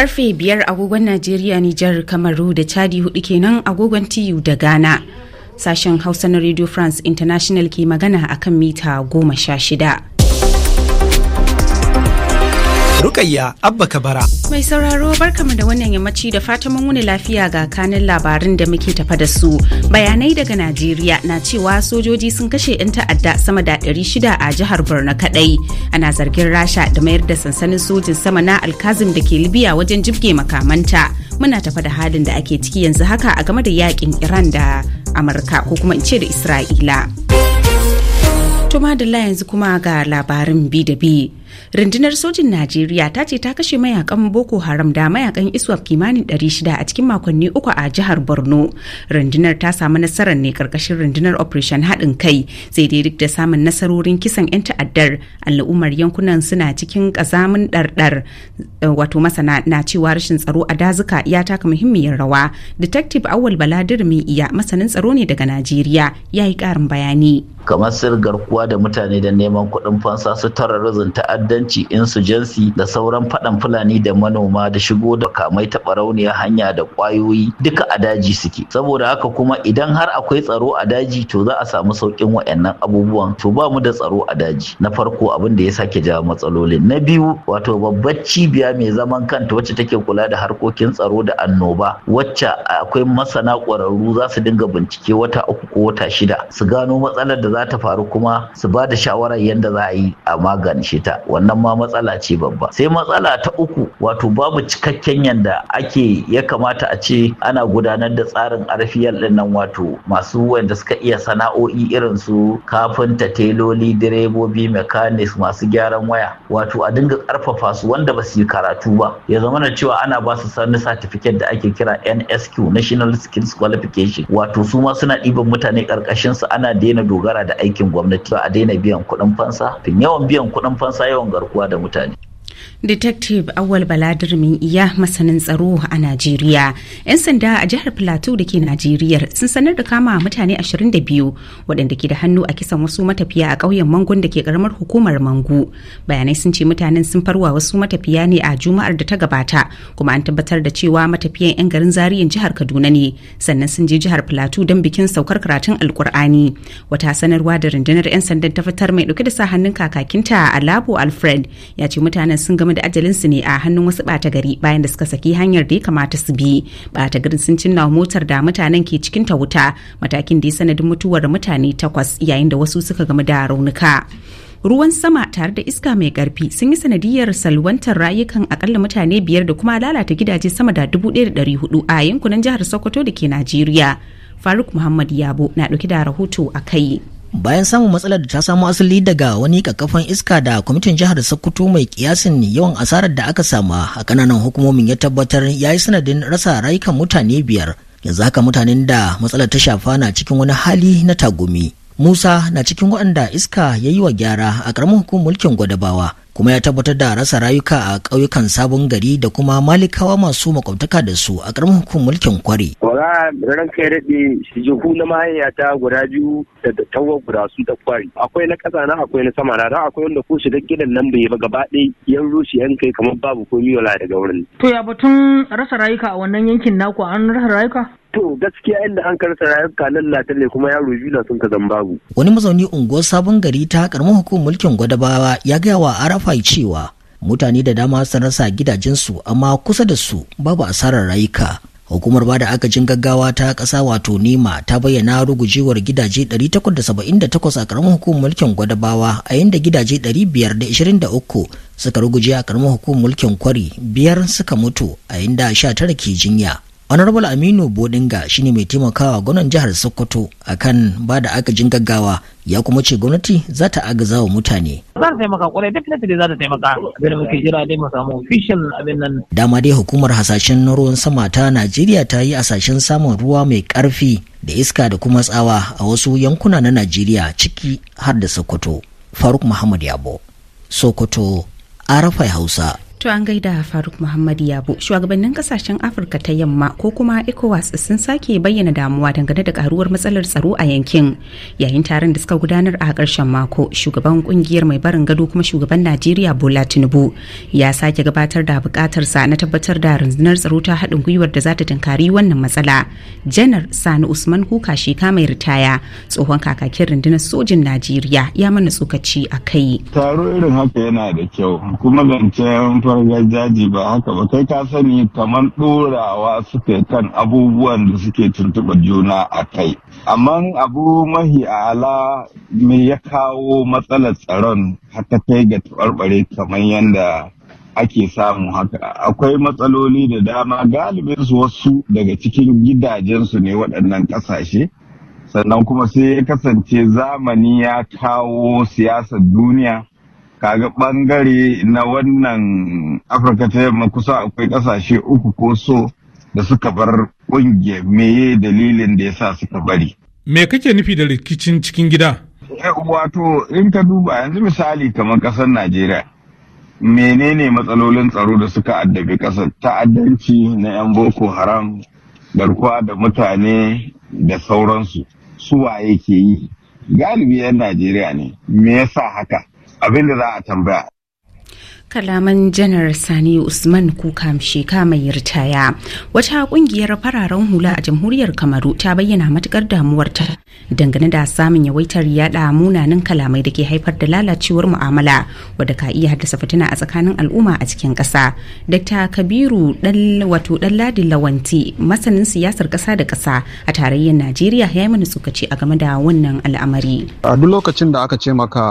karfe biyar agogon najeriya nijar kamaru da chadi hudu kenan agogon tiyu da ghana sashen hausa na radio france international ke magana akan mita goma sha shida Rukayya Abba Kabara. Mai sauraro barkamu da wannan yammaci da fatan mun wuni lafiya ga kanin labarin da muke tafa da su. Bayanai daga Najeriya na cewa sojoji sun kashe 'yan ta'adda sama da 600 a jihar Borno kadai. Ana zargin Rasha da mayar da sansanin sojin sama na Alkazim da ke Libya wajen jibge makamanta. Muna tafa da halin da ake ciki yanzu haka a game da yakin Iran da Amurka ko kuma in ce da Isra'ila. Tuma da yanzu kuma ga labarin bi da bi. rundunar sojin najeriya ta ce ta kashe mayakan boko haram da mayakan iswap kimanin 600 a cikin makonni uku a jihar borno rundunar ta samu nasarar ne karkashin rundunar operation haɗin kai sai dai duk da samun nasarorin kisan 'yan ta'addar al'ummar yankunan suna cikin ƙazamin ɗarɗar wato masana na cewa rashin tsaro a dazuka ya taka muhimmiyar rawa detective awal bala mai iya masanin tsaro ne daga najeriya ya yi ƙarin bayani kamar sirgar kuwa da mutane da neman kuɗin fansa su rizin ta'adda ta'addanci insujensi da sauran faɗan fulani da manoma da shigo da kamai taɓarauniya hanya da ƙwayoyi duka a daji suke saboda haka kuma idan har akwai tsaro a daji to za a samu sauƙin waɗannan abubuwan to ba mu da tsaro a daji na farko abin da ya sake jawo matsalolin na biyu wato babbar cibiya mai zaman kanta wacce take kula da harkokin tsaro da annoba wacce akwai masana ƙwararru za su dinga bincike wata uku ko wata shida su gano matsalar da za ta faru kuma su ba da shawarar yadda za a yi a magance ta wannan ma matsala ce babba sai matsala ta uku wato babu cikakken yanda ake ya kamata a ce ana gudanar da tsarin arfiyar din nan wato masu wanda suka iya sana'o'i irin su kafinta teloli direbobi mechanics masu gyaran waya wato a dinga karfafa su wanda ba su yi karatu ba ya zama na cewa ana ba su sani certificate da ake kira NSQ National Skills Qualification wato su ma suna ɗiban mutane karkashin ana daina dogara da aikin gwamnati a daina biyan kuɗin fansa yawan biyan kuɗin fansa yau yawan garkuwa da mutane Detective Awal Baladir Min iya masanin tsaro a Najeriya. 'Yan sanda a jihar Plateau da ke Najeriya sun sanar da kama mutane 22 waɗanda ke da hannu a kisan wasu matafiya a ƙauyen Mangun da ke ƙaramar hukumar Mangu. Bayanai sun ce mutanen sun farwa wasu matafiya ne a Juma'ar da ta gabata kuma an tabbatar da cewa matafiyan 'yan garin zariyan jihar Kaduna ne sannan sun je jihar Plateau don bikin saukar karatun Alkur'ani. Wata sanarwa da rundunar 'yan sandan ta fitar mai ɗauke da sa hannun kakakinta a Labo Alfred ya ce mutanen sun gama gamu da ajalinsu ne a hannun wasu bata gari bayan da suka saki hanyar da ya kamata su bi bata garin sun cinna motar da mutanen ke cikin ta wuta matakin da ya sanadin mutuwar mutane takwas yayin da wasu suka gamu da raunuka ruwan sama tare da iska mai karfi sun yi sanadiyar salwantar rayukan akalla mutane biyar da kuma lalata gidaje sama da 1,400 a yankunan jihar sokoto da ke najeriya faruk muhammad yabo na dauki da rahoto a kai bayan samun matsalar da ta samo asali daga wani kakkafan iska da kwamitin jihar sokoto mai kiyasin yawan asarar da aka samu a kananan hukumomin ya tabbatar ya yi sanadin rasa rayukan mutane biyar yanzu haka mutanen da matsalar ta shafa na cikin wani hali na tagumi musa na cikin waɗanda iska ya yi wa gyara a ƙaramin hukumar mulkin gwadabawa kuma ya tabbatar da rasa rayuka a ƙauyukan sabon gari da kuma malikawa masu makwabtaka da su a ƙarfin hukumar mulkin kwari. Wara ran kai daɗe jihu na mahaiyata guda biyu da tawa guda su da kwari. Akwai na ƙasa na akwai na sama na da akwai wanda ko shiga gidan nan bai ba gaba ɗaya yan rushe yan kai kamar babu komi miyola daga wurin. To ya batun rasa rayuka a wannan yankin naku an rasa rayuka? To gaskiya inda an karsa rayuka lallata ne kuma yaro biyu na sun ka babu. Wani mazauni unguwar sabon gari ta karamar hukumar mulkin gwadabawa ya gaya wa Arafai cewa mutane da dama sun rasa gidajensu amma kusa da su babu asarar rayuka. Hukumar bada agajin gaggawa ta ƙasa wato nema ta bayyana rugujewar gidaje 878 a karamar hukumar mulkin gwadabawa a yadda gidaje 523 suka ruguje a karamar hukumar mulkin kwari biyar suka mutu a yadda 19 ke jinya. honorable aminu bodinga shine mai taimakawa gwamnan jihar sokoto akan ba da agajin gaggawa ya kuma ce gwamnati za ta agaza wa mutane za ta taimaka kwarai definitely za ta taimaka abin muke jira dai mu samu official abin nan dama dai hukumar hasashen ruwan sama ta najeriya ta yi hasashen samun ruwa mai karfi da iska da kuma tsawa a wasu yankuna na najeriya ciki har da sokoto faruk muhammad yabo sokoto arafai hausa To an gaida Faruk Muhammad Yabo, shugabannin kasashen Afirka ta yamma ko kuma ECOWAS sun sake bayyana damuwa dangane da karuwar matsalar tsaro a yankin. Yayin taron da suka gudanar a ƙarshen mako, shugaban kungiyar mai barin gado kuma shugaban Najeriya Bola Tinubu ya sake gabatar da bukatarsa na tabbatar da rundunar tsaro ta haɗin gwiwar da za ta tunkari wannan matsala. Janar Sani Usman Kuka sheka mai ritaya, tsohon kakakin rundunar sojin Najeriya ya mana tsokaci a kai. Taro irin haka yana da kyau, kuma zancen kasuwar gargaji ba haka ba kai ka sani kamar ɗorawa suke kan abubuwan da suke tuntuɓa juna a kai amma abu mahi ala me ya kawo matsalar tsaron haka kai ga taɓarɓare kamar yadda ake samu haka akwai matsaloli da dama galibin su wasu daga cikin gidajensu ne waɗannan ƙasashe sannan kuma sai ya kasance zamani ya kawo siyasar duniya kaga bangare na wannan afirka ta yamma kusa akwai kasashe uku ko so da suka bar kungiya meye dalilin da ya sa suka bari me kake nufi da rikicin cikin gida wato in ka duba yanzu misali kamar kasar najeriya menene matsalolin tsaro da suka addabi kasar ta'addanci na 'yan boko haram garkuwa da mutane da sauransu su waye ke yi galibi 'yan najeriya ne me yasa haka abinda za a tambaya kalaman janar sani usman kuka sheka mai ritaya wata kungiyar fararen hula a jamhuriyar kamaru ta bayyana matukar damuwarta dangane da samun yawaitar yada munanan kalamai da ke haifar da lalacewar mu'amala wadda ka iya haddasa fitina a tsakanin al'umma a cikin kasa dr kabiru wato ladi lawanti masanin siyasar kasa da kasa a tarayyar najeriya ya yi mana tsokaci a game da wannan al'amari a duk lokacin da aka ce maka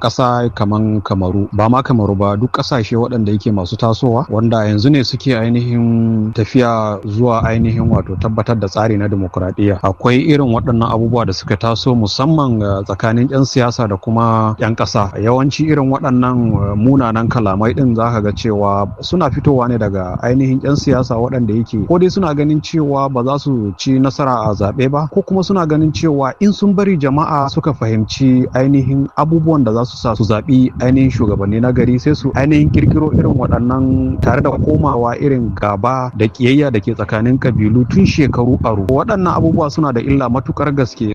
kasa eh, kaman kamaru ba ma kamaru ba duk kasashe waɗanda yake masu tasowa wanda yanzu ne suke ainihin tafiya zuwa ainihin wato tabbatar da tsari na demokuraɗiyya akwai irin waɗannan abubuwa da suka taso musamman eh, tsakanin 'yan siyasa da kuma 'yan ƙasa yawanci irin waɗannan eh, munanan kalamai ɗin zaka ga cewa suna fitowa ne daga ainihin 'yan siyasa waɗanda yake ko dai suna ganin cewa ba za su ci nasara a zaɓe ba ko kuma suna ganin cewa in sun bari jama'a suka fahimci ainihin abubuwan da za su sa su zaɓi ainihin shugabanni na gari sai su ainihin kirkiro irin waɗannan tare da komawa irin gaba da ƙiyayya da ke tsakanin kabilu tun shekaru aro waɗannan abubuwa suna da illa matukar gaske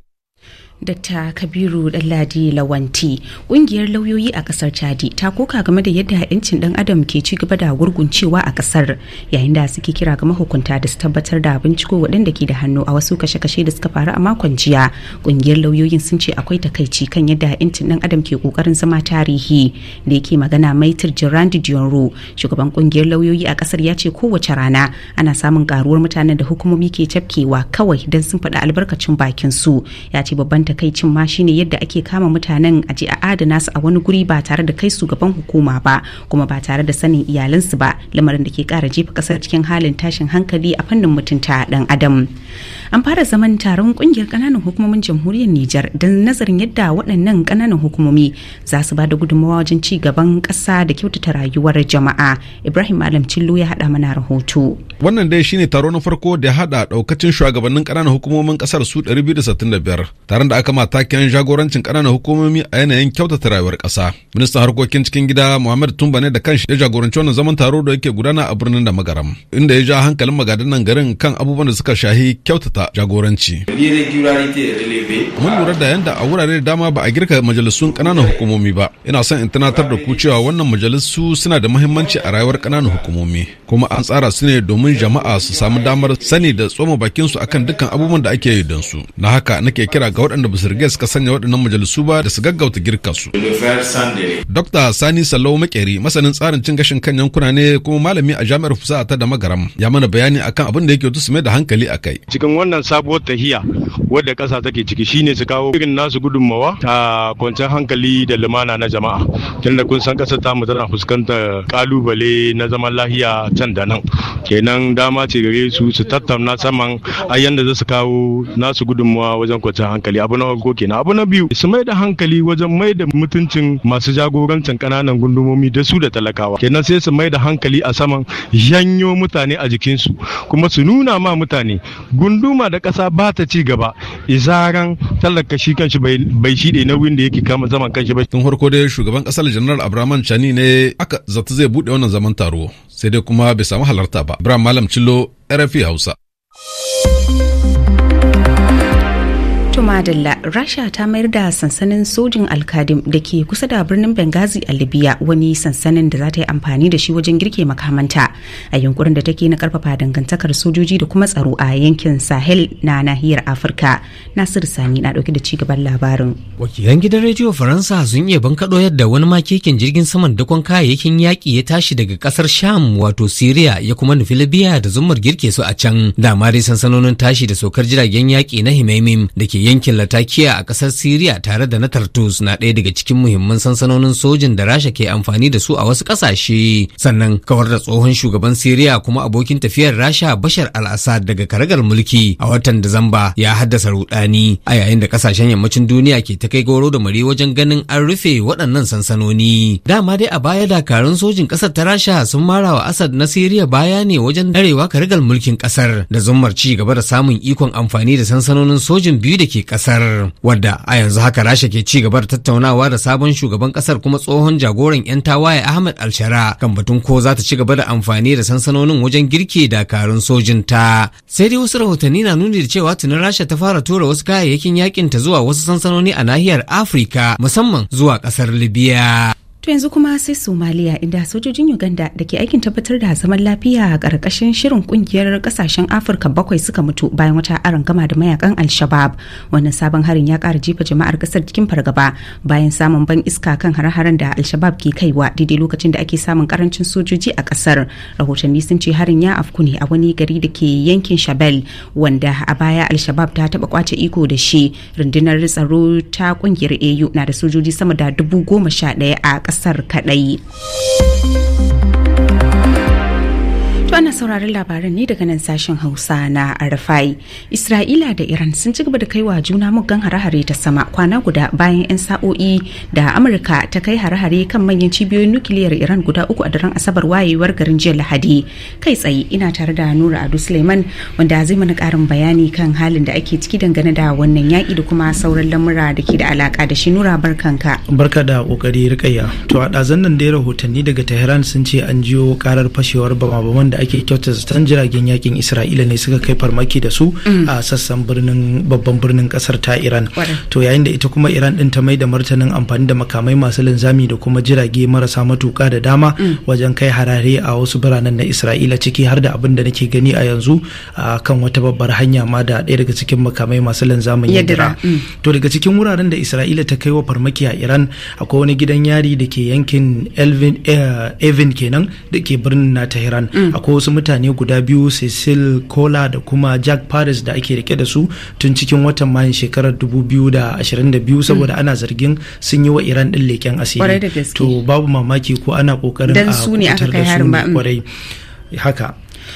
Dr. Kabiru Dalladi Lawanti, ƙungiyar lauyoyi a ƙasar Chadi ta koka game da yadda 'yancin ɗan adam ke ci gaba da gurguncewa a ƙasar yayin da suke kira ga mahukunta da su tabbatar da binciko waɗanda ke da hannu a wasu kashe-kashe da suka faru a makon jiya. Ƙungiyar lauyoyin sun ce akwai takaici kan yadda 'yancin ɗan adam ke ƙoƙarin zama tarihi da yake magana Maitir Gerard Dionro, shugaban ƙungiyar lauyoyi a ƙasar ya ce kowace rana ana samun ƙaruwar mutanen da hukumomi ke cafkewa kawai don sun faɗi albarkacin bakin su. Ya ce babban takaicin ma shine yadda ake kama mutanen a ji a adana su a wani guri ba tare da kai su gaban hukuma ba kuma ba tare da sanin iyalansu ba lamarin da ke kara jefa kasar cikin halin tashin hankali a fannin mutunta dan adam an fara zaman taron kungiyar kananan hukumomin jamhuriyar Nijar don nazarin yadda waɗannan kananan hukumomi za su ba da gudunmawa wajen ci gaban ƙasa da kyautata rayuwar jama'a Ibrahim Malam Cillo ya haɗa mana rahoto wannan dai shine taro na farko da ya haɗa ɗaukacin shugabannin kananan hukumomin kasar su 265 taron da da aka matakin jagorancin ƙananan hukumomi a yanayin kyautata rayuwar ƙasa. Ministan harkokin cikin gida Muhammad Tumba ne da kanshi ya jagoranci wannan zaman taro da yake gudana a birnin da magaram inda ya ja hankalin magadannan garin kan abubuwan da suka shahi kyautata jagoranci. Mun lura da yanda a wurare da dama ba a girka majalisun ƙananan hukumomi ba. Ina son in tunatar da ku cewa wannan majalisu suna da muhimmanci a rayuwar ƙananan hukumomi kuma an tsara su ne domin jama'a su samu damar sani da tsoma bakinsu akan dukkan abubuwan da ake yi don su. Na haka nake kira ga waɗanda wanda ba su riga suka sanya waɗannan majalisu ba da su gaggauta girka su. Dr. Sani Salau Makeri masanin tsarin cin gashin kan yankuna ne kuma malami a jami'ar Fusa ta da Magaram ya mana bayani akan abin da yake su mai da hankali a kai. Cikin wannan sabuwar tahiya wadda ƙasa take ciki shine su kawo irin nasu gudunmawa ta kwanciyar hankali da lumana na jama'a. Tunda kun san ƙasar mu tana fuskantar kalubale na zaman lahiya can da nan. Kenan dama ce gare su su tattauna saman ayyan da za su kawo nasu gudunmawa wajen kwanciyar hankali. abu na farko kenan abu na biyu su mai da hankali wajen mai da mutuncin masu jagorancin kananan gundumomi da su da talakawa kenan sai su mai da hankali a saman yanyo mutane a jikin su kuma su nuna ma mutane gunduma da ƙasa ba ta ci gaba izaran talaka shi kanshi bai shi na nauyin da yake kama zaman kanshi ba tun farko dai shugaban kasar janar abraman chani ne aka zata zai bude wannan zaman taro sai dai kuma bai samu halarta ba ibrahim malam cillo rfi hausa Tuma Madalla, Rasha ta mayar da sansanin sojin Alkadim da ke kusa da birnin Benghazi a Libya wani sansanin da za ta yi amfani da shi wajen girke makamanta a yunkurin da take na karfafa dangantakar sojoji da kuma tsaro a yankin Sahel na nahiyar Afirka. Nasir Sani na dauke da ci gaban labarin. Wakilan gidan rediyo Faransa sun iya bankaɗo yadda wani makekin jirgin saman dakon kayayyakin yaƙi ya tashi daga ƙasar Sham wato Syria ya kuma nufi Libya da zumar girke su a can. Dama dai sansanonin tashi da sokar jiragen yaƙi na Himaimim da ke yankin latakiya a ƙasar siriya tare da na tartus na ɗaya daga cikin muhimman sansanonin sojin da rasha ke amfani da su a wasu ƙasashe sannan kawar da tsohon shugaban siriya kuma abokin tafiyar rasha bashar al-assad daga karagar mulki a watan zamba ya haddasa rudani a yayin da ƙasashen yammacin duniya ke ta kai goro da mare wajen ganin an rufe waɗannan sansanoni dama dai a baya dakarun sojin ƙasar ta rasha sun mara wa assad na siriya baya ne wajen darewa karagar mulkin ƙasar da zummar ci gaba da samun ikon amfani da sansanonin sojin biyu da ke ke kasar wadda a yanzu haka rasha ke ci gaba da tattaunawa da sabon shugaban kasar kuma tsohon jagoran 'yan tawaye ahmad alshara kan batun ko za ta ci gaba da amfani da sansanonin wajen girke dakarun ta. sai dai wasu rahotanni na nuni da cewa tunan rasha ta fara tura wasu kayayyakin yakin ta zuwa wasu sansanoni a nahiyar afirka musamman zuwa kasar libya To yanzu kuma sai Somaliya inda sojojin Uganda da ke aikin tabbatar da zaman lafiya a ƙarƙashin shirin kungiyar ƙasashen Afirka bakwai suka mutu bayan wata gama da mayakan Al-Shabaab. Wannan sabon harin ya kara jefa jama'ar ƙasar cikin fargaba bayan samun ban iska kan hare-haren da Al-Shabaab ke kaiwa daidai lokacin da ake samun karancin sojoji a ƙasar. Rahotanni sun ce harin ya afku ne a wani gari da ke yankin shabel wanda a baya Al-Shabaab ta taɓa kwace iko da shi. Rundunar tsaro ta kungiyar AU na da sojoji sama da dubu goma sha ɗaya a kasar kaɗai. To ana sauraron labarin ne daga nan sashen Hausa na Arfai. Isra'ila da Iran sun ci gaba da kai wa juna muggan hare ta sama kwana guda bayan 'yan sa'o'i da Amurka ta kai hare-hare kan manyan cibiyoyin nukiliyar Iran guda uku a daren Asabar wayewar garin jiya Lahadi. Kai tsaye ina tare da Nura Adu Suleiman wanda zai mana karin bayani kan halin da ake ciki dangane da wannan yaki da kuma sauran lamura da ke da alaka da shi Nura barkanka. Barka da kokari Rikayya. To a ɗazan nan dai rahotanni daga Tehran sun ce an jiyo karar fashewar bama-baman da ake kyauta zaton jiragen yakin isra'ila ne suka kai farmaki da su mm. a sassan birnin babban birnin kasar ta iran to yayin da ita kuma iran din ta mai da martanin amfani da makamai masu linzami da kuma jirage marasa matuka da dama mm. wajen kai harare a wasu biranen na isra'ila ciki har da abin da nake gani a yanzu a kan wata babbar hanya ma da ɗaya daga cikin makamai masu linzamin yadira mm. to daga cikin wuraren da isra'ila ta kai wa farmaki a iran akwai wani gidan yari da ke yankin eh, evin kenan da ke birnin na tehran akwai wasu mutane guda biyu cecil kola da kuma jack paris da ake rike da su tun cikin watan mayun shekarar 2022 saboda hmm. ana zargin sun yi wa iran din leken asiri to babu mamaki ko ana kokarin a da su hmm. kwarai haka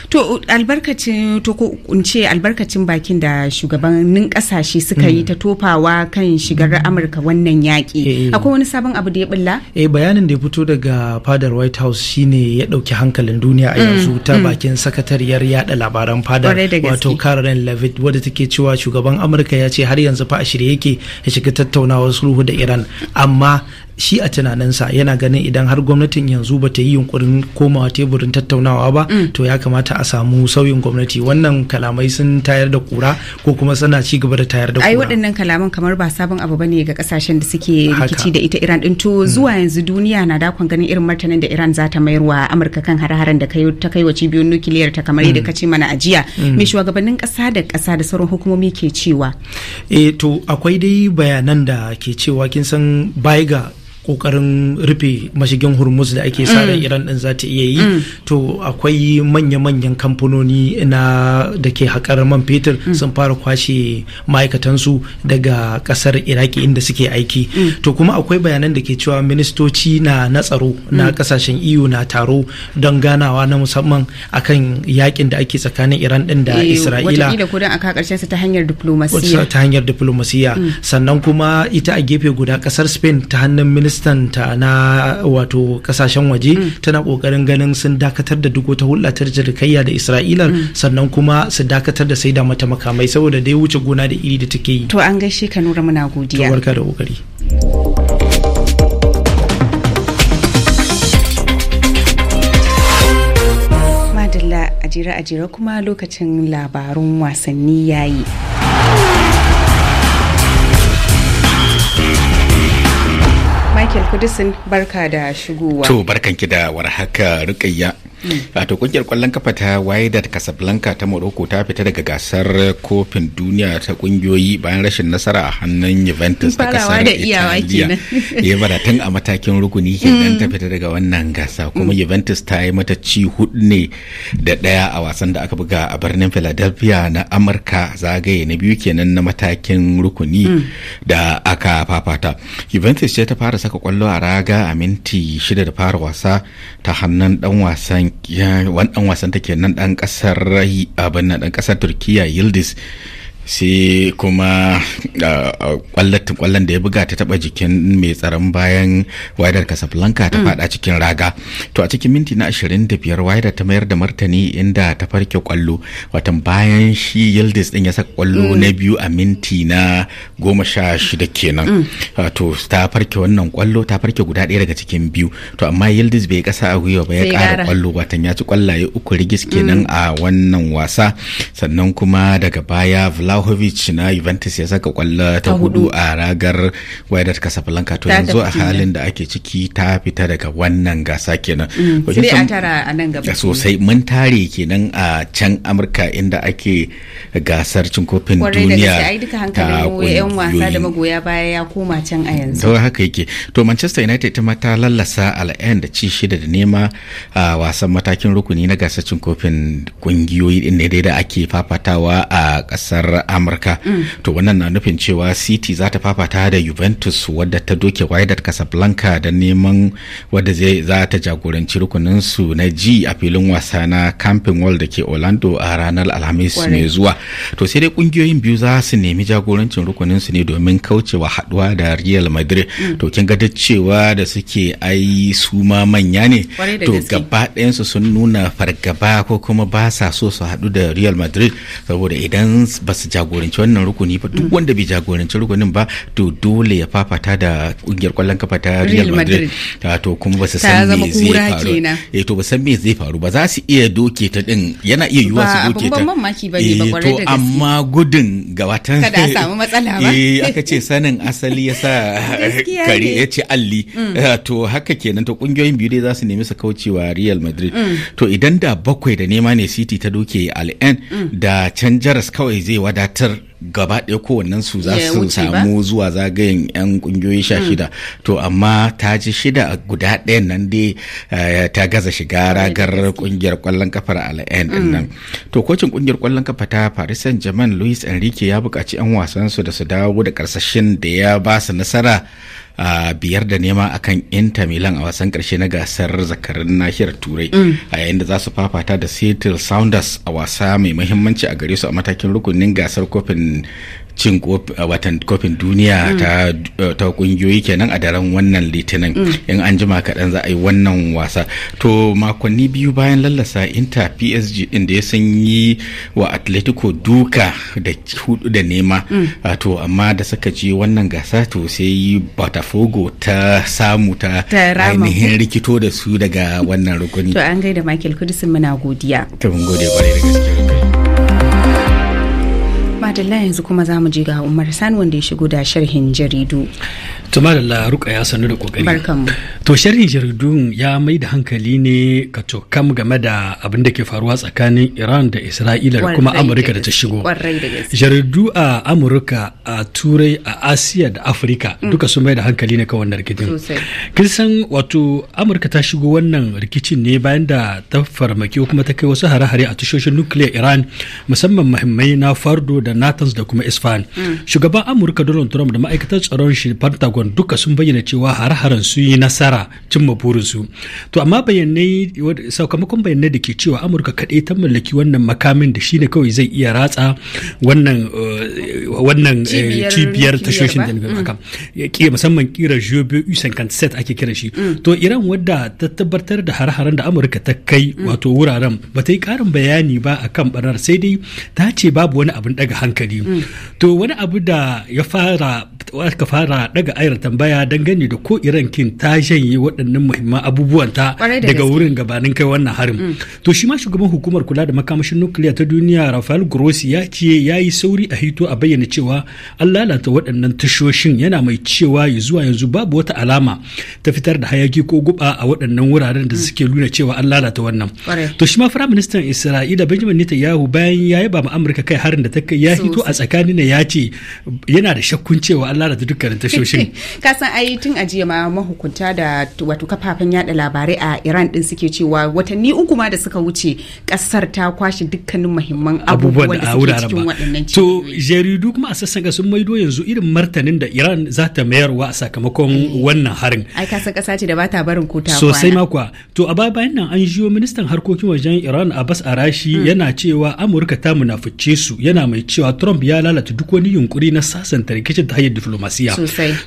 to albarkacin to ko ce albarkacin bakin da shugabannin kasashe suka yi mm. ta tofawa kan shigar mm. amurka wannan yaƙi eh. akwai wani sabon abu da ya bulla eh bayanin da ya fito daga fadar white house shine ya dauki hankalin duniya a mm. yanzu ta bakin sakatariyar yada labaran fadar wato karen levitt wadda take cewa shugaban amurka ya ce har yanzu fa a shirye yake ya shiga tattaunawar sulhu da iran amma shi a tunaninsa yana ganin idan har gwamnatin yanzu ba ta yi yunkurin komawa teburin tattaunawa ba mm. to ya kamata a samu sauyin gwamnati wannan kalamai sun tayar da kura ko kuma suna ci gaba da tayar da kura ai waɗannan kalaman kamar ba sabon abu bane ga kasashen da suke rikici da ita Iran din to mm. zuwa yanzu duniya na dakon ganin irin martanin da Iran za ta mayarwa Amurka kan hare-haren da ta kai wa cibiyoyin nukiliyar ta kamar yadda mm. kace mana ajiya me shugabannin kasa da kasa da sauran hukumomi ke cewa eh to akwai dai bayanan da ke cewa kin san baiga kokarin rufe mashigin hormuz da ake sa mm. iran din za ta iya yi mm. to akwai manya-manyan kamfanoni na da ke haƙar man fetur mm. sun fara kwashe ma'aikatansu daga ƙasar iraki inda suke aiki to kuma akwai bayanan da ke cewa ministoci na na tsaro na ƙasashen iyo e na taro don ganawa na musamman akan yakin da ake tsakanin iran din da e isra'ila ta hanyar diplomasiya sannan kuma ita a gefe guda ƙasar spain ta hannun minista ministan na wato kasashen waje mm. tana kokarin ganin sun dakatar da duk wata hulɗa ta jirkayya da isra'ila mm. sannan kuma su dakatar da sai da mata makamai saboda dai wuce gona da iri da take yi to an gaishe ka nura muna godiya to barka da kokari madalla ajira ajira kuma lokacin labarun wasanni yayi kudisin barka da shigowa to barkanki da warhaka rukayya mm. to kungiyar kwallon kafa ta wydad casablanca ta morocco ta fita daga gasar kofin duniya ta kungiyoyi bayan rashin nasara a hannun juventus ta kasar italiya ya bada tun a matakin rukuni mm. kenan ta fita daga wannan gasa kuma mm. juventus ta yi mata ci hudu ne da daya a wasan da aka buga a birnin philadelphia na amurka zagaye na biyu kenan na matakin rukuni da aka fafata juventus ce ta fara saka kwallon kwallo a raga a minti shida da fara wasa ta hannun dan wasan wani dan wasan take nan dan kasar abin nan dan kasar Turkiya Yildiz sai kuma kwallon da ya buga ta taba jikin mai tsaron bayan waidar casablanca ta mm. fada cikin raga to a cikin minti na ashirin da biyar waidar ta mayar da martani inda ta farke kwallo watan bayan shi yildiz din ya saka kwallo mm. na biyu a minti na goma sha shida kenan mm. to ta farke wannan kwallo ta farke guda ɗaya daga cikin biyu to amma yildiz bai kasa a gwiwa ba ya kara kwallo watan ya ci kwallaye uku rigis kenan a wannan wasa sannan kuma daga baya vlau Vlahovic na Juventus ya saka kwallo ta hudu a ragar Wydad Casablanca to yanzu a halin da ake ciki ta fita daga wannan gasa kenan. Mm. Sai a tara a nan gaba. Sosai mun tare kenan a can Amurka inda ake gasar cin kofin duniya. ta yan wasa da magoya baya ya koma can a yanzu. To haka yake. To Manchester United ta mata lallasa al'ayan da ci shida da nema a wasan matakin rukuni na gasar cin kofin kungiyoyi din ne dai da ake fafatawa a kasar kasar amurka mm. to wannan na nufin cewa city za ta fafata da juventus wadda ta doke wydad casablanca da neman wadda zai za ta jagoranci rukuninsu na g a filin wasa na camping world da ke orlando a ranar alhamis mai zuwa to sai dai kungiyoyin biyu za su nemi jagorancin rukunin su ne domin kaucewa haduwa da real madrid mm. to kin ga cewa da suke ai su ma manya ne to gaba ɗayansu sun nuna fargaba ko kuma ba sa so su haɗu da real madrid saboda idan ba su jagoranci wannan rukuni ba duk wanda bai jagoranci rukunin ba to dole ya fafata da kungiyar kwallon kafa ta Real Madrid to kuma ba su san me zai faru eh to ba san me zai faru ba za su iya doke ta din yana iya yiwuwa su doke ta ba mamaki ba ne ba kwarai eh, da amma gudun gabatan kada a samu matsala ba eh aka ce sanin asali yasa kare ya ce alli mm. eh, to haka kenan to kungiyoyin biyu dai za su nemi su kaucewa Real Madrid mm. to idan da bakwai da nema ne City ta doke Al mm. da can jaras kawai zai wada wadatar gaba ɗaya kowannen su za su samu zuwa zagayen 'yan kungiyoyi sha hmm. shida to amma ta ji shida a guda ɗayan nan dai eh, ta gaza shiga ragar kungiyar kwallon kafar al'ayan din nan hmm. to kocin kungiyar kwallon kafa ta paris saint germain luis enrique ya buƙaci 'yan wasansu su da su dawo da karsashin da ya ba su nasara a biyar da nema akan inter milan a wasan karshe na gasar zakarin nahiyar turai mm. a yayin da za su fafata da seattle sounders a wasa mai muhimmanci a gare su a matakin rukunin gasar kofin cin watan kofin duniya mm. eh, ta kungiyoyi kenan a daren wannan litinin mm. in an jima kaɗan za a yi wannan wasa to makonni biyu bayan lallasa inter psg inda da ya yi wa atletico duka da hudu da nema mm. to amma da suka je wannan gasa to sai botafogo ta samu ta ainihin rikito da su daga wannan rukuni to an gaida michael kudisin muna godiya to mun gode kwarai da madalla yanzu kuma za mu je ga Umar Sani wanda ya shigo da sharhin jaridu. To madalla Ruka ya sanu da kokari. To sharhin jaridu ya mai da hankali ne ka kam game da abin da ke faruwa tsakanin Iran da Isra'ila da kuma Amurka da ta shigo. Jaridu a Amurka a Turai a Asiya da Afirka mm. duka sun mai da hankali ne kan wannan rikicin. Kin san wato Amurka ta shigo wannan rikicin ne bayan da ta farmaki kuma ta kai wasu hare-hare a tushoshin nukiliyar Iran musamman muhimmai na fardo da Nathans da kuma isfahan shugaban amurka donald trump da ma'aikatar tsaron shi pentagon duka sun bayyana cewa har-haren sun yi nasara cimma su. to amma bayanai sakamakon bayanai da ke cewa amurka kaɗai ta mallaki wannan makamin da shine kawai zai iya ratsa wannan eh, wannan eh, cibiyar tashoshin da haka musamman kira jobe u57 ake kiran shi mm. to iran wadda ta tabbatar da har-haren da amurka ta kai mm. wato wuraren ba ta yi karin bayani ba akan barar sai dai ta ce babu wani abin daga hankali hankali to wani abu da ya fara aka fara daga ayar tambaya dangane da ko iran kin ta shanye waɗannan muhimman abubuwan ta daga wurin gabanin kai wannan harin mm. to shi ma shugaban hukumar kula da makamashin nukiliya ta duniya rafael grossi ya ce ya yi sauri a hito a bayyana cewa an lalata waɗannan tashoshin yana mai cewa zuwa yanzu babu wata alama ta fitar da hayaki ko guba a waɗannan wuraren da mm. suke nuna cewa an lalata wannan to shi ma firaministan isra'ila benjamin netanyahu bayan ya yaba ma amurka kai harin da ta kai ya hito a tsakanin ya ce yana da shakkun cewa an da dukkanin tashoshin kasan ai tun jiya ma mahukunta da wato kafafen yada labarai a Iran din suke cewa watanni uku ma da suka wuce kasar ta kwashe dukkanin muhimman abubuwan da suke cikin waɗannan to jaridu kuma a sassan sun maido yanzu irin martanin da Iran za ta mayarwa a sakamakon eh. wannan harin ai san kasa ce da ba ta barin kota sosai ma kuwa to a baya bayan nan an jiyo ministan harkokin wajen Iran Abbas Arashi hmm. yana cewa Amurka ta munafice su yana mai cewa Trump ya lalata duk wani yunkuri na sasanta rikicin ta hanyar diflomasiya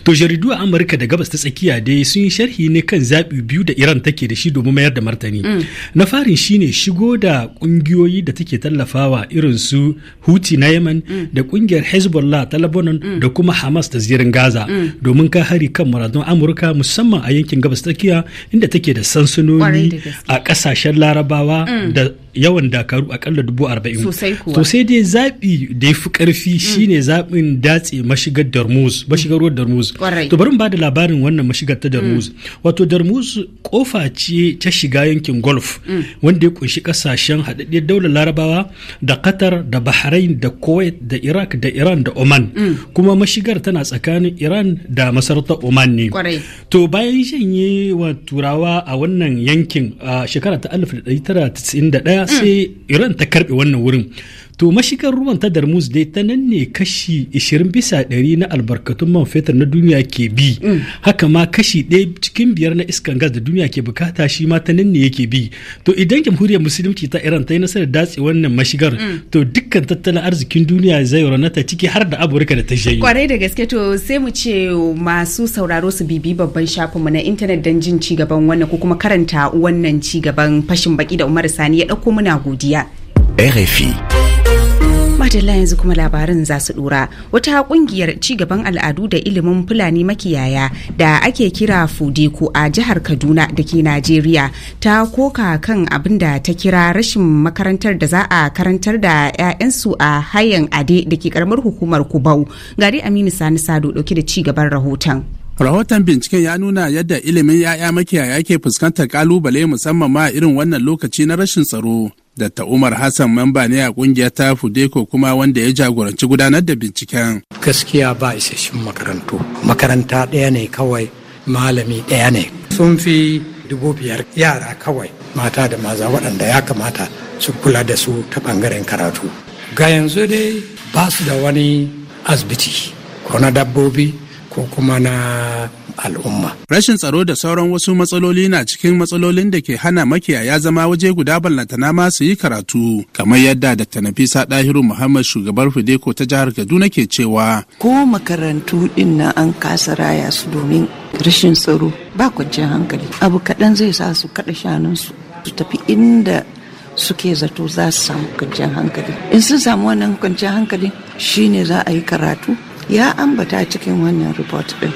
to jaridu a amurka da gabas ta tsakiya dai sun yi sharhi ne kan zaɓi biyu da iran take da shi domin mayar da martani mm. na farin shine shigo da ƙungiyoyi da take tallafawa irin su huti na yemen mm. da ƙungiyar hezbollah ta lebanon mm. da kuma hamas ta zirin gaza domin ka hari kan muradun amurka musamman a yankin gabas ta tsakiya inda take da sansanoni a ƙasashen larabawa da yawan dakaru akalla dubu arba'in to sai dai zaɓi da ya fi ƙarfi shine zaɓin datse mashigar darmu darmuz mashigar ruwan darmuz to barin ba da labarin wannan mashigar ta darmuz mm. wato darmuz kofa ce ta shiga yankin golf mm. wanda ya kunshi kasashen hadaddiyar daular larabawa da qatar da bahrain da kuwait da iraq da iran da oman mm. kuma mashigar tana tsakanin iran da masar ta oman ne to bayan shanye wa turawa a wannan yankin a shekara ta 1991 sai iran ta karbe wannan wurin To mashigar ruwan ta Darmus dai ta nan ne kashi 20 bisa 100 na albarkatun man fetur na duniya ke bi. Mm. Haka ma kashi ɗaya cikin biyar na iskan gas da duniya ke bukata shi ma ta nan ne yake bi. To idan jamhuriyar musulunci ta Iran ta yi nasarar datse wannan mashigar mm. to dukkan tattalin arzikin duniya zai ta ciki har da Amurka da ta shayi. Kwarai da gaske to sai mu ce masu sauraro su bibi babban shafinmu na intanet don jin ci gaban wannan ko kuma karanta wannan ci gaban fashin baki da Umar Sani ya ɗauko muna godiya. RFI. Madalla yanzu kuma labarin za su ɗora wata kungiyar cigaban al'adu da ilimin fulani makiyaya da ake kira Fudeku a jihar Kaduna da ke Najeriya ta koka kan abin da ta kira rashin makarantar da za a karantar da 'ya'yansu a hayan ade da ke karamar hukumar Kubau. Gari Aminu Sani Sado dauke da cigaban rahoton. Rahoton binciken ya nuna yadda ilimin 'ya'ya makiyaya ke fuskantar kalubale musamman ma irin wannan lokaci na rashin tsaro. ta Umar Hassan mamba ne a kungiyar ta fude ko kuma wanda ya jagoranci gudanar da binciken. Gaskiya ba isasshen makarantu. Makaranta ɗaya ne kawai, malami ɗaya ne. Sun fi dubu biyar yara kawai mata da maza waɗanda ya kamata su kula da su ta ɓangaren karatu. Ga yanzu dai ba su da wani asibiti ko na dabbobi ko kuma na al'umma. Rashin tsaro da sauran wasu matsaloli na cikin matsalolin da ke hana makiyaya zama waje guda ballantana ma su yi karatu kamar yadda da Tanafisa Dahiru Muhammad shugabar Fideko ta jihar Kaduna ke cewa. Ko makarantu din na an kasa raya su domin rashin tsaro ba kwanciyar hankali abu kaɗan zai sa su kaɗa shanunsu su tafi inda suke zato za su samu kwanciyar hankali in sun samu wannan kwanciyar hankali shine za a yi karatu ya ambata cikin wannan report din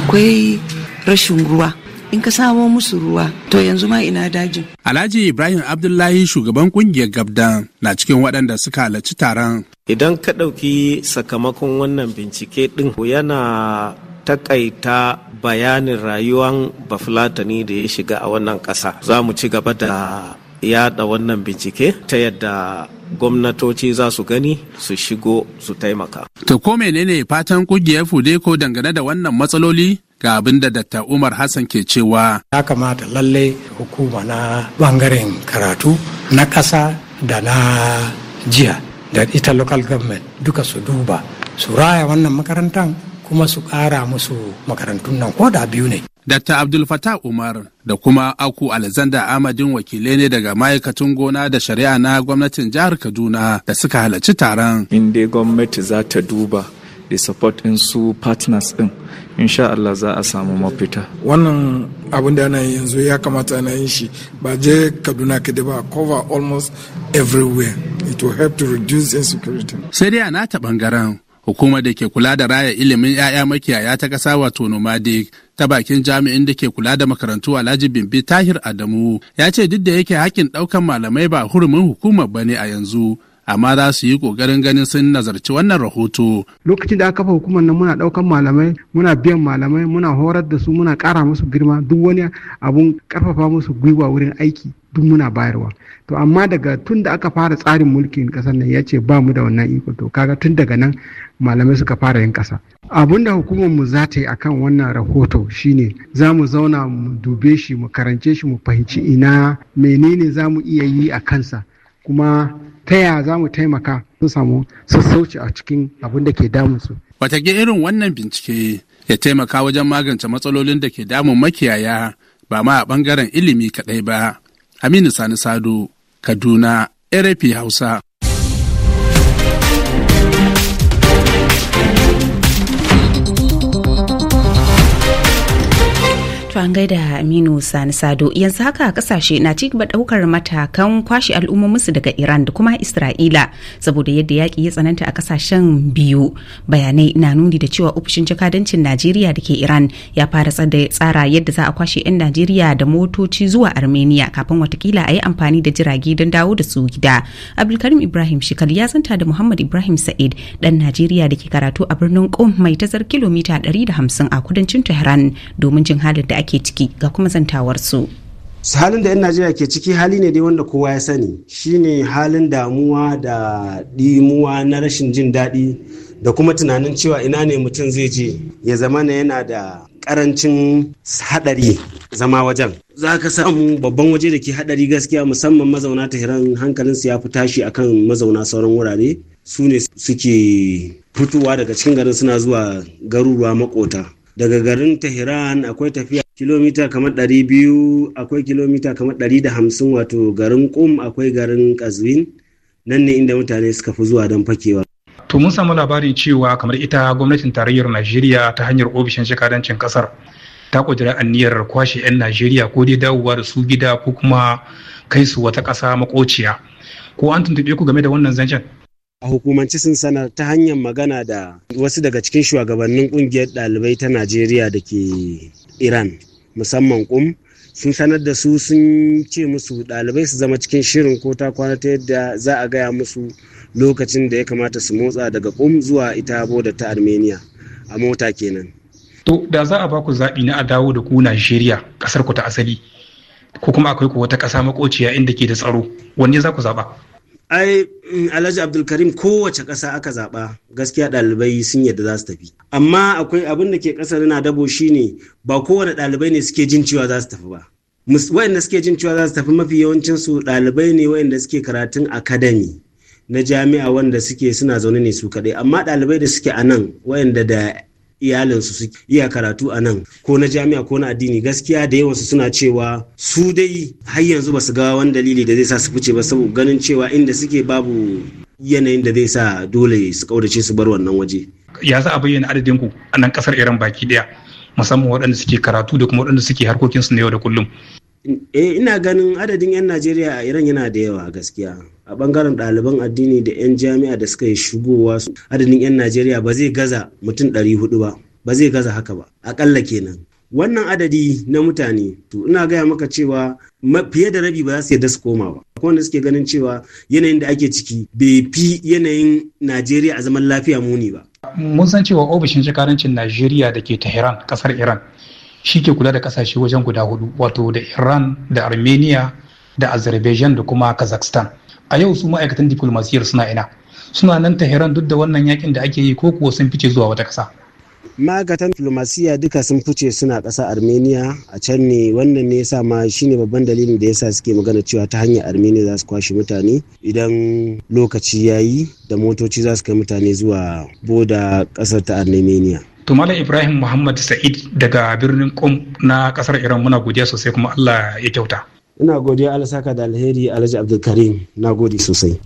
akwai rashin ruwa in ka samo musu ruwa to yanzu ma ina dajin. Alhaji Ibrahim Abdullahi shugaban kungiyar Gabdan na cikin waɗanda suka halarci taron. Idan ka ɗauki sakamakon wannan bincike ɗin yana takaita bayanin rayuwan bafulatani da ya shiga a wannan ƙasa za mu ci gaba da yada wannan bincike ta yadda gwamnatoci za su gani su shigo su taimaka. To ko menene fatan kungiyar ko dangane da wannan matsaloli? ga abin da Dr. Umar Hassan ke cewa. Ya kamata lalle hukuma na bangaren karatu na ƙasa da na jiya da ita local government duka su duba su raya wannan makarantan kuma su ƙara musu makarantun nan ko da biyu ne Dr. Abdul Fattah Umar da kuma Aku Alexander Ahmadin wakilai ne daga ma'aikatan gona da shari'a na gwamnatin jihar Kaduna da suka halarci taron. In dai gwamnati za ta duba da support in su partners din insha Allah za a samu mafita. Wannan abin da ana yanzu ya kamata na yin shi ba je Kaduna kada ba cover almost everywhere. It will help to reduce insecurity. Sai dai a nata bangaren hukumar da ke kula da raya ilimin 'ya'ya makiyaya ta ƙasa wato nomadic ta bakin jami'in da ke kula da makarantu alhaji bimbi tahir adamu ya ce duk da yake hakin ɗaukan malamai ba hurumin hukumar ne a yanzu amma za su yi kokarin ganin sun nazarci wannan rahoto. Lokacin da aka kafa hukumar nan muna ɗaukan malamai, muna biyan malamai, muna horar da su, muna ƙara musu girma duk wani abun karfafa musu gwiwa wurin aiki. duk muna bayarwa to amma daga tun da aka fara tsarin mulkin kasar nan ya ce ba mu da wannan iko to kaga tun daga nan malamai suka fara yin kasa abun da hukumar mu za ta yi akan wannan rahoto shine za mu zauna mu dube shi mu karance shi mu fahimci ina menene za mu iya yi a kansa kuma ta yaya za mu taimaka sun samu sassauci a cikin abin da ke damunsu. Watage irin wannan bincike ya taimaka wajen magance matsalolin da ke damun makiyaya ba ma a bangaren ilimi kaɗai ba Aminu Sani Sado, Kaduna, RFI Hausa. an gaida Aminu Sani Sado yanzu haka a kasashe na ci gaba daukar matakan kwashe al'ummominsu daga Iran da kuma Isra'ila saboda yadda yaƙi ya tsananta a kasashen biyu. Bayanai na nuni da cewa ofishin jakadancin Najeriya da ke Iran ya fara tsara yadda za a kwashe 'yan Najeriya da motoci zuwa Armenia kafin watakila a yi amfani da jirage don dawo da su gida. Abdulkarim Ibrahim shikali ya zanta da Muhammad Ibrahim Sa'id dan Najeriya da ke karatu a birnin kom mai tazar kilomita hamsin a kudancin Tehran domin jin halin da ake ke ciki ga kuma zantawarsu. halin da 'yan najeriya ke ciki hali ne dai wanda kowa ya sani shine halin damuwa da dimuwa na rashin jin daɗi da kuma tunanin cewa ina ne mutum zai je ya zama na yana da karancin hadari zama wajen za ka samu babban waje da ke hadari gaskiya musamman mazauna hankalin su ya fi tashi akan mazauna sauran wurare su ne suke fitowa daga cikin garin suna zuwa garuruwa makota daga garin tahiran akwai tafiya kilomita kamar ɗari biyu akwai kilomita kamar ɗari da hamsin wato garin kum akwai garin kazwin nan ne inda mutane suka fi zuwa don fakewa to mun samu labarin cewa kamar ita gwamnatin tarayyar najeriya ta hanyar ofishin shekadancin kasar ta kudura aniyar kwashe 'yan najeriya ko dai dawowa da su gida ko kuma kai su wata ƙasa makociya ko an tuntuɓe ku game da wannan zancen a hukumance sun sanar ta hanyar magana da wasu daga cikin shugabannin ƙungiyar ɗalibai ta najeriya da ke iran musamman kum sun sanar da su sun ce musu ɗalibai su zama cikin shirin ko ta kwana ta yadda za a gaya musu lokacin da ya kamata su motsa daga kum zuwa ita boda ta armenia a mota kenan to da za a ba ku zaɓi na a dawo da ku najeriya ƙasarku ku ta asali ko kuma akwai ku wata ƙasa makociya inda ke da tsaro wanne za ku zaɓa ai mm, alhaji abdulkarim kowace ƙasa aka zaɓa gaskiya ɗalibai sun yadda za su tafi amma akwai abin da ke ƙasar na dabo shine ba kowane ɗalibai ne suke jin cewa za su tafi ba wayanda suke jin cewa za su tafi mafi yawancinsu ɗalibai ne wayanda suke karatun akadami na jami'a wanda suke suna zaune ne su kaɗai amma ɗalibai da suke a nan wayanda da iyalinsu su iya karatu a nan ko na jami'a ko na addini gaskiya da yawansu suna cewa su dai har yanzu ba su ga wani dalili da zai sa su fice ba saboda ganin cewa inda suke babu yanayin da zai sa dole su kaurace su bar wannan waje. Ya za a bayyana adadin ku a nan kasar Iran baki daya musamman waɗanda suke karatu da kuma waɗanda suke harkokinsu na yau da kullum. Eh ina ganin adadin 'yan Najeriya a Iran yana da yawa gaskiya. a bangaren ɗaliban addini da 'yan jami'a da suka yi shigowa adadin 'yan najeriya ba zai gaza mutum 400 ba ba zai gaza haka ba akalla kenan wannan adadi na mutane to ina gaya maka cewa fiye da rabi ba za su yarda su koma ba akwai wanda suke ganin cewa yanayin da ake ciki bai fi yanayin najeriya a zaman lafiya muni ba mun san cewa ofishin shekarancin najeriya da ke tehran kasar iran shi ke kula da kasashe wajen guda hudu wato da iran da armenia da azerbaijan da kuma kazakhstan a yau su ma'aikatan diplomasiyar suna ina suna nan tahiran duk da wannan yakin da ake yi ko kuwa sun fice zuwa wata ƙasa ma'aikatan diplomasiya duka sun fice suna ƙasa armenia a can ne wannan ne yasa ma shine babban dalilin da ya sa suke magana cewa ta hanyar armenia za su kwashe mutane idan lokaci ya yi da motoci za su kai mutane zuwa boda ƙasar ta armenia tumala ibrahim muhammad sa'id daga birnin kum na ƙasar iran muna godiya sosai kuma allah ya kyauta ina godiya Allah saka da alheri Alhaji Abdulkarim na gode sosai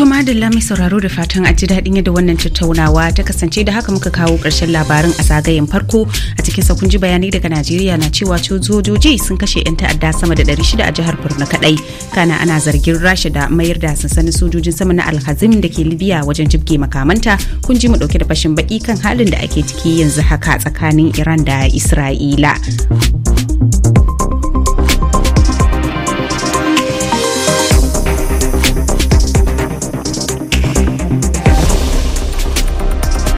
To madalla mai sauraro da fatan a ji daɗin yadda wannan tattaunawa ta kasance da haka muka kawo ƙarshen labarin a zagayen farko a cikin sa ji bayanai daga Najeriya na cewa sojoji sun kashe 'yan ta'adda sama da 600 a jihar Borno kaɗai. Kana ana zargin Rasha da mayar da sansanin sojojin sama na Alhazim da ke Libya wajen jibge makamanta kun ji mu ɗauke da fashin baki kan halin da ake ciki yanzu haka tsakanin Iran da Isra'ila.